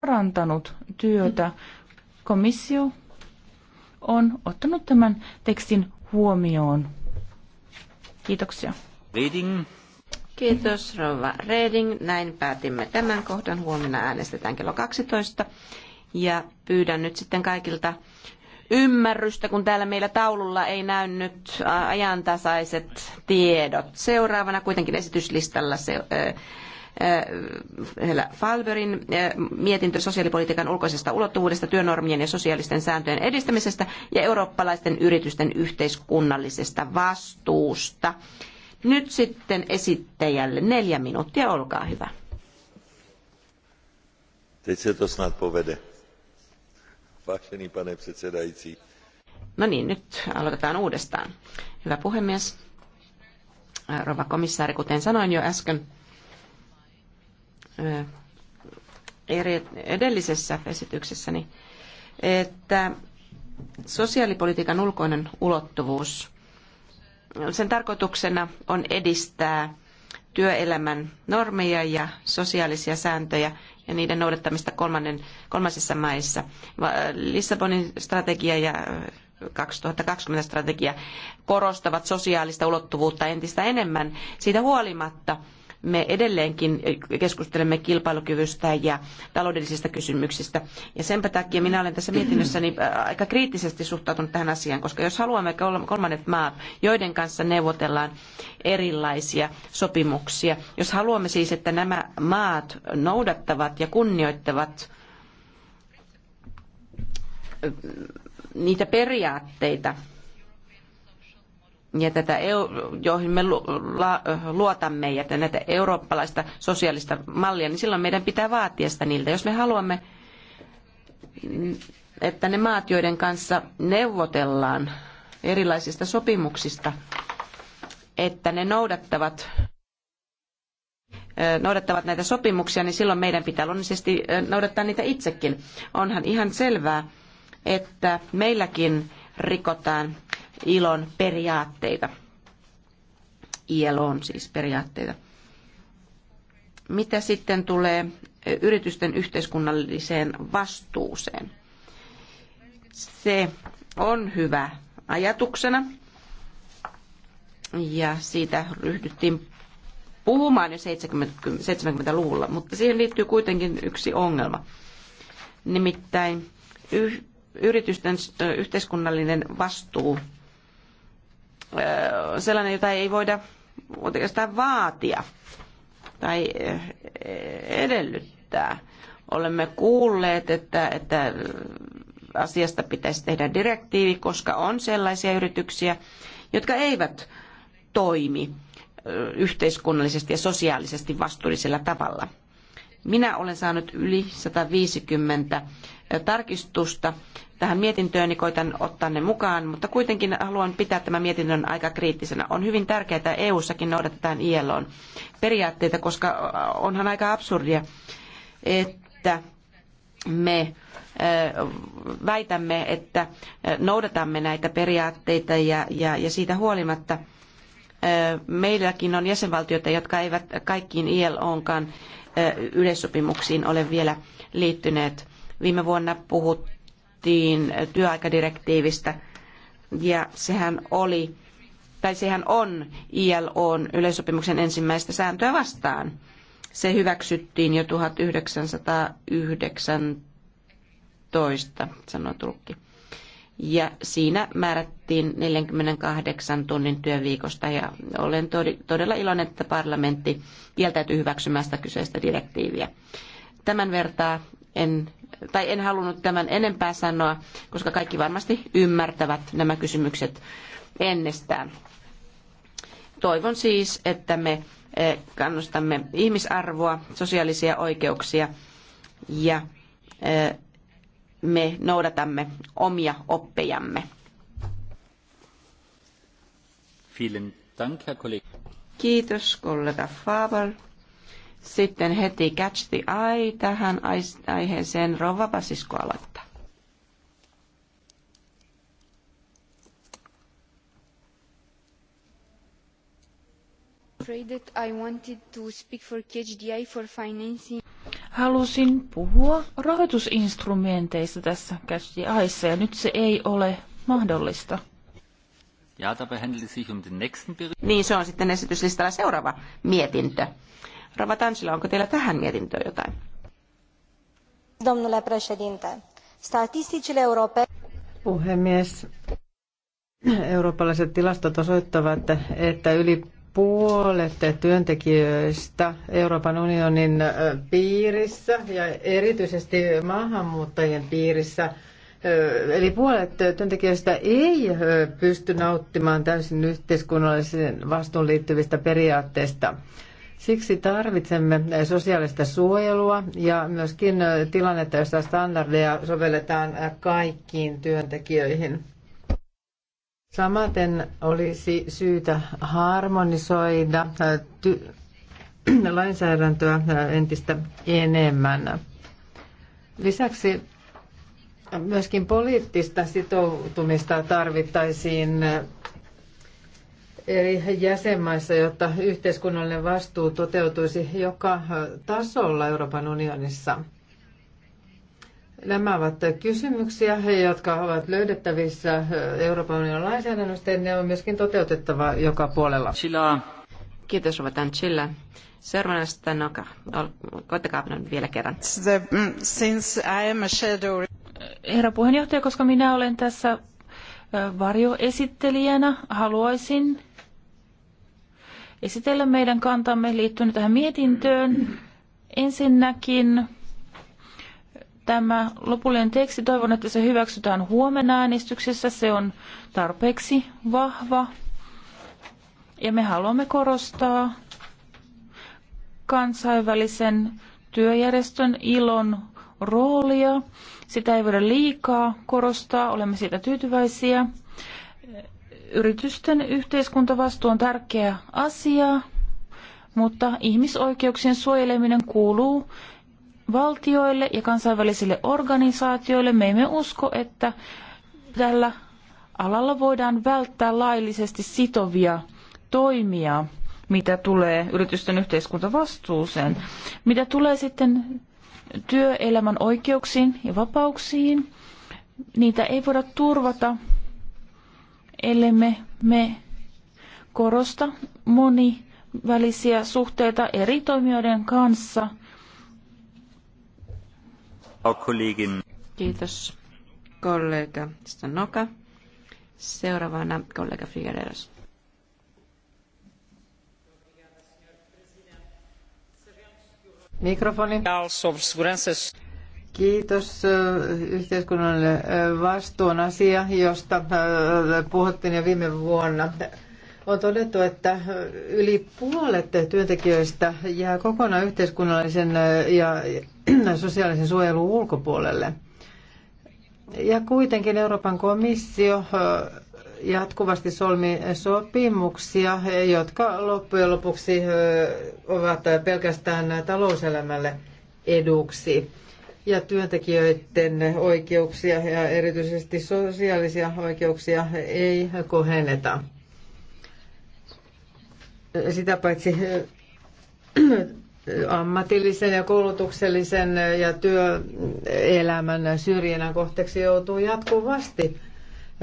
parantanut työtä. Komissio on ottanut tämän tekstin huomioon. Kiitoksia. Reading. Kiitos Rova Reding. Näin päätimme tämän kohdan. Huomenna äänestetään kello 12. Ja pyydän nyt sitten kaikilta ymmärrystä, kun täällä meillä taululla ei näy nyt ajantasaiset tiedot. Seuraavana kuitenkin esityslistalla se, äh, Äh, Hela Falberin äh, mietintö sosiaalipolitiikan ulkoisesta ulottuvuudesta, työnormien ja sosiaalisten sääntöjen edistämisestä ja eurooppalaisten yritysten yhteiskunnallisesta vastuusta. Nyt sitten esittäjälle neljä minuuttia, olkaa hyvä. Teď se to snad povede. Vážený pane předsedající. No niin, nyt aloitetaan uudestaan. Hyvä puhemies. Rova komissaari, kuten sanoin jo äsken, edellisessä esityksessäni, että sosiaalipolitiikan ulkoinen ulottuvuus, sen tarkoituksena on edistää työelämän normeja ja sosiaalisia sääntöjä ja niiden noudattamista kolmannen, kolmansissa maissa. Lissabonin strategia ja 2020 strategia korostavat sosiaalista ulottuvuutta entistä enemmän siitä huolimatta, me edelleenkin keskustelemme kilpailukyvystä ja taloudellisista kysymyksistä. Ja senpä takia minä olen tässä mietinnössäni äh, aika kriittisesti suhtautunut tähän asiaan, koska jos haluamme kolmannet maat, joiden kanssa neuvotellaan erilaisia sopimuksia, jos haluamme siis, että nämä maat noudattavat ja kunnioittavat äh, niitä periaatteita, ja tätä, joihin me luotamme ja näitä eurooppalaista sosiaalista mallia, niin silloin meidän pitää vaatia sitä niiltä. Jos me haluamme, että ne maat, joiden kanssa neuvotellaan erilaisista sopimuksista, että ne noudattavat noudattavat näitä sopimuksia, niin silloin meidän pitää luonnollisesti noudattaa niitä itsekin. Onhan ihan selvää, että meilläkin rikotaan ilon periaatteita. ieloon siis periaatteita. Mitä sitten tulee yritysten yhteiskunnalliseen vastuuseen? Se on hyvä ajatuksena ja siitä ryhdyttiin puhumaan jo 70, luvulla mutta siihen liittyy kuitenkin yksi ongelma. Nimittäin yritysten yhteiskunnallinen vastuu sellainen, jota ei voida oikeastaan vaatia tai edellyttää. Olemme kuulleet, että, että asiasta pitäisi tehdä direktiivi, koska on sellaisia yrityksiä, jotka eivät toimi yhteiskunnallisesti ja sosiaalisesti vastuullisella tavalla. Minä olen saanut yli 150 tarkistusta tähän mietintöön, niin koitan ottaa ne mukaan, mutta kuitenkin haluan pitää tämän mietinnön aika kriittisenä. On hyvin tärkeää, että EU-sakin noudatetaan ILOn periaatteita, koska onhan aika absurdia, että me väitämme, että noudatamme näitä periaatteita ja, ja, ja siitä huolimatta – Meilläkin on jäsenvaltioita, jotka eivät kaikkiin ILOnkaan yleissopimuksiin ole vielä liittyneet. Viime vuonna puhuttiin työaikadirektiivistä ja sehän oli tai sehän on ILOn yleissopimuksen ensimmäistä sääntöä vastaan. Se hyväksyttiin jo 1919, sanoi tulkki ja siinä määrättiin 48 tunnin työviikosta ja olen todella iloinen, että parlamentti kieltäytyi hyväksymästä kyseistä direktiiviä. Tämän vertaa en, tai en halunnut tämän enempää sanoa, koska kaikki varmasti ymmärtävät nämä kysymykset ennestään. Toivon siis, että me eh, kannustamme ihmisarvoa, sosiaalisia oikeuksia ja eh, me noudatamme omia oppejamme. Kiitos kollega Faber. Sitten heti Catch the Eye tähän aiheeseen. Rova Basisko aloittaa. I wanted to speak for Catch the Eye for financing. Halusin puhua rahoitusinstrumenteista tässä aissa ja nyt se ei ole mahdollista. Ja, dabei handelt es sich um den nächsten Niin, se on sitten esityslistalla seuraava mietintö. Rava Tansila, onko teillä tähän mietintöön jotain? Domnule președinte, statisticile europene... Puhemies, eurooppalaiset tilastot osoittavat, että yli puolet työntekijöistä Euroopan unionin piirissä ja erityisesti maahanmuuttajien piirissä. Eli puolet työntekijöistä ei pysty nauttimaan täysin yhteiskunnallisen vastuun liittyvistä periaatteista. Siksi tarvitsemme sosiaalista suojelua ja myöskin tilannetta, jossa standardeja sovelletaan kaikkiin työntekijöihin. Samaten olisi syytä harmonisoida äh, ty- lainsäädäntöä äh, entistä enemmän. Lisäksi myöskin poliittista sitoutumista tarvittaisiin äh, eri jäsenmaissa, jotta yhteiskunnallinen vastuu toteutuisi joka tasolla Euroopan unionissa – Nämä ovat kysymyksiä, jotka ovat löydettävissä Euroopan unionin lainsäädännöstä ne on myöskin toteutettava joka puolella. Chilaa. Kiitos, Ruvetan Chilla. Seuraavana Stanoka. Koittakaa vielä kerran. The, mm, since I am a shadow... Herra puheenjohtaja, koska minä olen tässä varjoesittelijänä, haluaisin esitellä meidän kantamme liittyen tähän mietintöön. Ensinnäkin tämä lopullinen teksti, toivon, että se hyväksytään huomenna äänestyksessä. Se on tarpeeksi vahva. Ja me haluamme korostaa kansainvälisen työjärjestön ilon roolia. Sitä ei voida liikaa korostaa, olemme siitä tyytyväisiä. Yritysten yhteiskuntavastuu on tärkeä asia, mutta ihmisoikeuksien suojeleminen kuuluu valtioille ja kansainvälisille organisaatioille. Me emme usko, että tällä alalla voidaan välttää laillisesti sitovia toimia, mitä tulee yritysten yhteiskuntavastuuseen. Mitä tulee sitten työelämän oikeuksiin ja vapauksiin, niitä ei voida turvata, ellemme me korosta monivälisiä suhteita eri toimijoiden kanssa – Kiitos kollega Stanoka. Seuraavana kollega Figueredos. Mikrofoni. Kiitos. Yhteiskunnalle vastuun asia, josta puhuttiin jo viime vuonna. On todettu, että yli puolet työntekijöistä jää kokonaan yhteiskunnallisen ja sosiaalisen suojelun ulkopuolelle. Ja kuitenkin Euroopan komissio jatkuvasti solmi sopimuksia, jotka loppujen lopuksi ovat pelkästään talouselämälle eduksi ja työntekijöiden oikeuksia ja erityisesti sosiaalisia oikeuksia ei kohenneta. Sitä paitsi ammatillisen ja koulutuksellisen ja työelämän syrjinnän kohteeksi joutuu jatkuvasti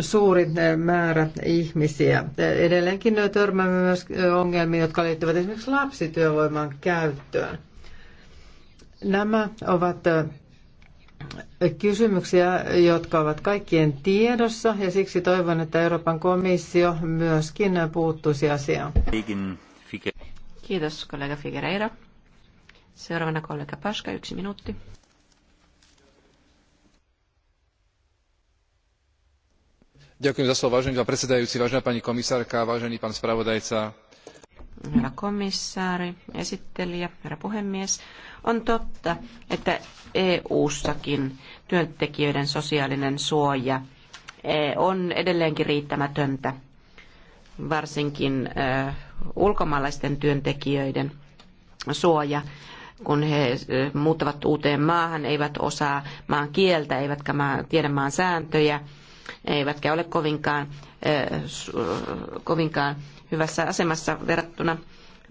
suuri määrä ihmisiä. Edelleenkin törmäämme myös ongelmiin, jotka liittyvät esimerkiksi lapsityövoiman käyttöön. Nämä ovat kysymyksiä, jotka ovat kaikkien tiedossa ja siksi toivon, että Euroopan komissio myöskin puuttuisi asiaan. Kiitos kollega Figuereira. Seuraavana kollega Paska, yksi minuutti. Ďakujem za slovo, vážený pán predsedajúci, vážená pani komisárka, vážený pán spravodajca. Hyvä komissaari, esittelijä, herra puhemies. On totta, että EU-sakin työntekijöiden sosiaalinen suoja eh, on edelleenkin riittämätöntä varsinkin ulkomaalaisten työntekijöiden suoja, kun he muuttavat uuteen maahan, eivät osaa maan kieltä, eivätkä tiedä maan sääntöjä, eivätkä ole kovinkaan, kovinkaan hyvässä asemassa verrattuna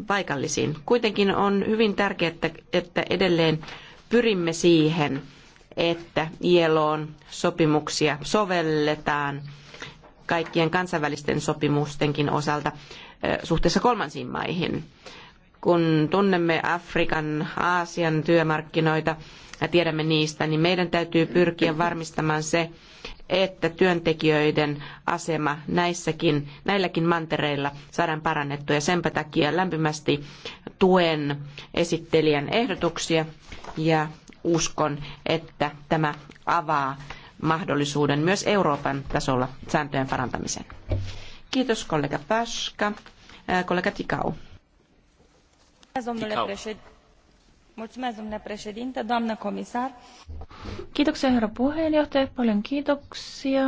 paikallisiin. Kuitenkin on hyvin tärkeää, että edelleen pyrimme siihen, että ILOn sopimuksia sovelletaan – kaikkien kansainvälisten sopimustenkin osalta suhteessa kolmansiin maihin. Kun tunnemme Afrikan, Aasian työmarkkinoita ja tiedämme niistä, niin meidän täytyy pyrkiä varmistamaan se, että työntekijöiden asema näissäkin, näilläkin mantereilla saadaan parannettua. Ja senpä takia lämpimästi tuen esittelijän ehdotuksia ja uskon, että tämä avaa mahdollisuuden myös Euroopan tasolla sääntöjen parantamiseen. Kiitos kollega Paska. Kollega Tikau. Tikau. Kiitoksia herra puheenjohtaja. Paljon kiitoksia.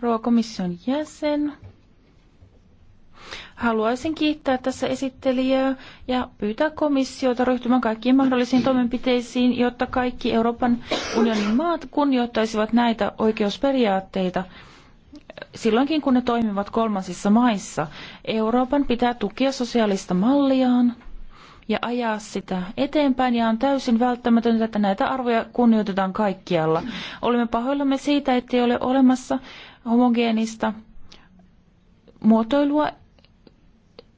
Ruokomission jäsen. Haluaisin kiittää tässä esittelijää ja pyytää komissiota ryhtymään kaikkiin mahdollisiin toimenpiteisiin, jotta kaikki Euroopan unionin maat kunnioittaisivat näitä oikeusperiaatteita silloinkin, kun ne toimivat kolmansissa maissa. Euroopan pitää tukea sosiaalista malliaan ja ajaa sitä eteenpäin ja on täysin välttämätöntä, että näitä arvoja kunnioitetaan kaikkialla. Olemme pahoillamme siitä, ettei ole olemassa homogeenista muotoilua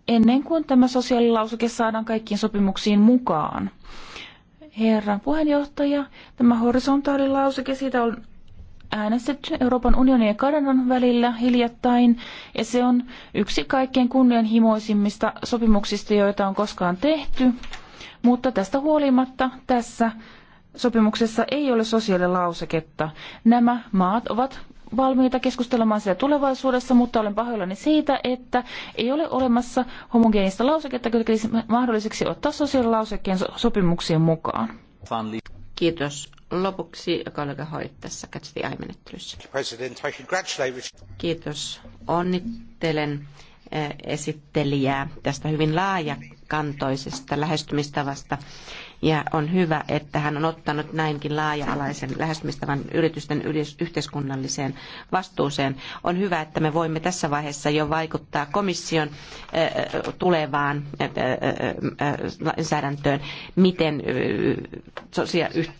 ennen kuin tämä sosiaalilausuke saadaan kaikkiin sopimuksiin mukaan. Herra puheenjohtaja, tämä horisontaalilauseke, siitä on äänestetty Euroopan unionin ja Kanadan välillä hiljattain, ja se on yksi kaikkein kunnianhimoisimmista sopimuksista, joita on koskaan tehty. Mutta tästä huolimatta tässä sopimuksessa ei ole sosiaalilauseketta. Nämä maat ovat valmiita keskustelemaan siitä tulevaisuudessa, mutta olen pahoillani siitä, että ei ole olemassa homogeenista lauseketta, joka tekisi mahdolliseksi ottaa sosiaalilausekkeen sopimuksien mukaan. Kiitos. Lopuksi kollega Hoyt tässä Catch Kiitos. Onnittelen eh, esittelijää tästä hyvin laajakantoisesta lähestymistavasta ja on hyvä, että hän on ottanut näinkin laaja-alaisen lähestymistavan yritysten yhteiskunnalliseen vastuuseen. On hyvä, että me voimme tässä vaiheessa jo vaikuttaa komission tulevaan lainsäädäntöön, miten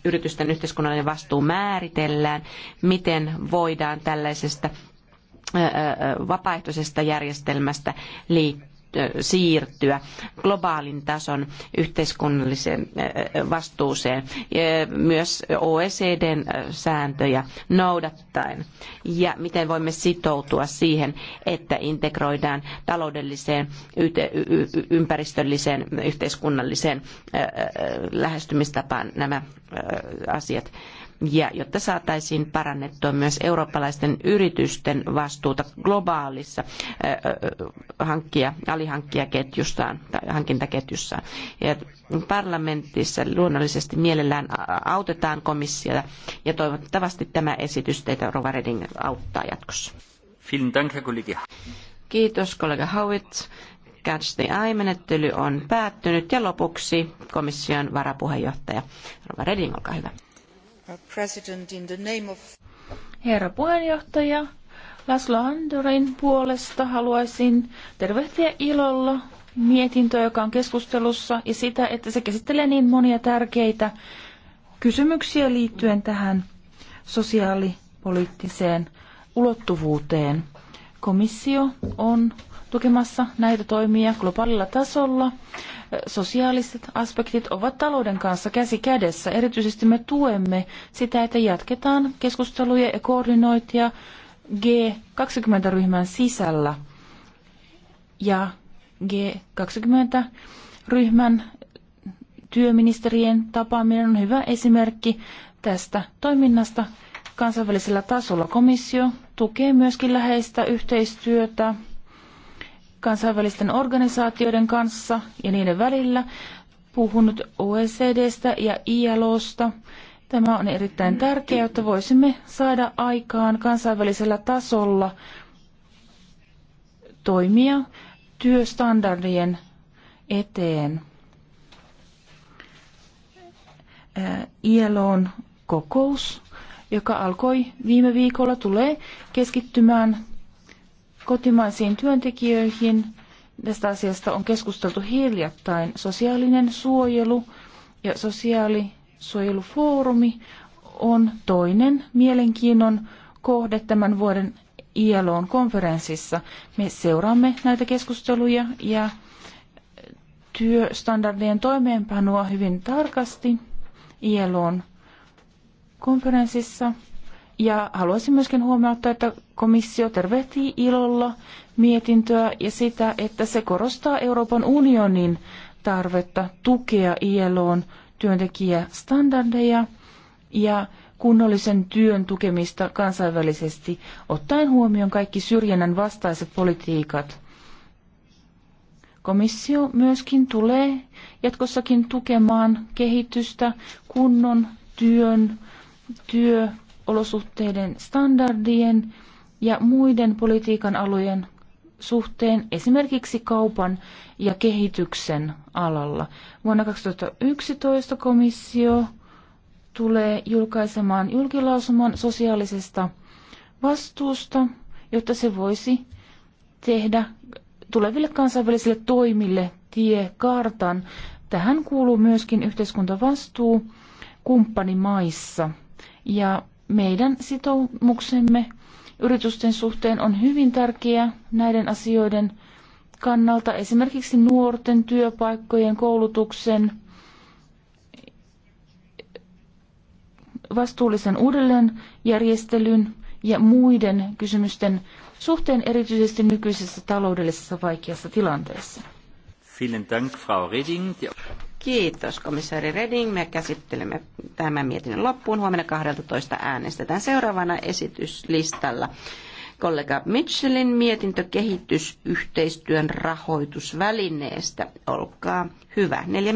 yritysten yhteiskunnallinen vastuu määritellään, miten voidaan tällaisesta vapaaehtoisesta järjestelmästä liittyä siirtyä globaalin tason yhteiskunnalliseen vastuuseen myös OECDn sääntöjä noudattaen. Ja miten voimme sitoutua siihen, että integroidaan taloudelliseen, ympäristölliseen, yhteiskunnalliseen lähestymistapaan nämä asiat ja jotta saataisiin parannettua myös eurooppalaisten yritysten vastuuta globaalissa hankkia, alihankkijaketjussaan tai hankintaketjussaan. Ja parlamentissa luonnollisesti mielellään autetaan komissiota ja toivottavasti tämä esitys teitä Rova Reding auttaa jatkossa. Kiitos kollega Howitt. Catch the Eye-menettely on päättynyt ja lopuksi komission varapuheenjohtaja Rova Reding, olkaa hyvä. Herra puheenjohtaja, Laslo Andorin puolesta haluaisin tervehtiä ilolla mietintöä, joka on keskustelussa, ja sitä, että se käsittelee niin monia tärkeitä kysymyksiä liittyen tähän sosiaalipoliittiseen ulottuvuuteen. Komissio on tukemassa näitä toimia globaalilla tasolla. Sosiaaliset aspektit ovat talouden kanssa käsi kädessä. Erityisesti me tuemme sitä, että jatketaan keskusteluja ja koordinointia G20-ryhmän sisällä ja G20-ryhmän työministerien tapaaminen on hyvä esimerkki tästä toiminnasta kansainvälisellä tasolla. Komissio tukee myöskin läheistä yhteistyötä kansainvälisten organisaatioiden kanssa ja niiden välillä, puhunut OECDstä ja ILOsta. Tämä on erittäin tärkeää, jotta voisimme saada aikaan kansainvälisellä tasolla toimia työstandardien eteen. ILOn kokous, joka alkoi viime viikolla, tulee keskittymään kotimaisiin työntekijöihin. Tästä asiasta on keskusteltu hiljattain. Sosiaalinen suojelu ja sosiaalisuojelufoorumi on toinen mielenkiinnon kohde tämän vuoden ILOn konferenssissa. Me seuraamme näitä keskusteluja ja työstandardien toimeenpanoa hyvin tarkasti ILOn konferenssissa. Ja haluaisin myöskin huomauttaa, että komissio tervehtii ilolla mietintöä ja sitä, että se korostaa Euroopan unionin tarvetta tukea ILOn työntekijästandardeja ja kunnollisen työn tukemista kansainvälisesti, ottaen huomioon kaikki syrjinnän vastaiset politiikat. Komissio myöskin tulee jatkossakin tukemaan kehitystä kunnon työn, työ olosuhteiden standardien ja muiden politiikan alojen suhteen esimerkiksi kaupan ja kehityksen alalla. Vuonna 2011 komissio tulee julkaisemaan julkilausuman sosiaalisesta vastuusta, jotta se voisi tehdä tuleville kansainvälisille toimille tiekartan. Tähän kuuluu myöskin yhteiskuntavastuu kumppanimaissa. Ja meidän sitoumuksemme yritysten suhteen on hyvin tärkeä näiden asioiden kannalta, esimerkiksi nuorten työpaikkojen, koulutuksen, vastuullisen uudelleenjärjestelyn ja muiden kysymysten suhteen erityisesti nykyisessä taloudellisessa vaikeassa tilanteessa. Kiitos komissaari Reding. Me käsittelemme tämän mietinnön loppuun. Huomenna 12 äänestetään seuraavana esityslistalla. Kollega Mitchellin mietintö kehitysyhteistyön rahoitusvälineestä. Olkaa hyvä. Neljä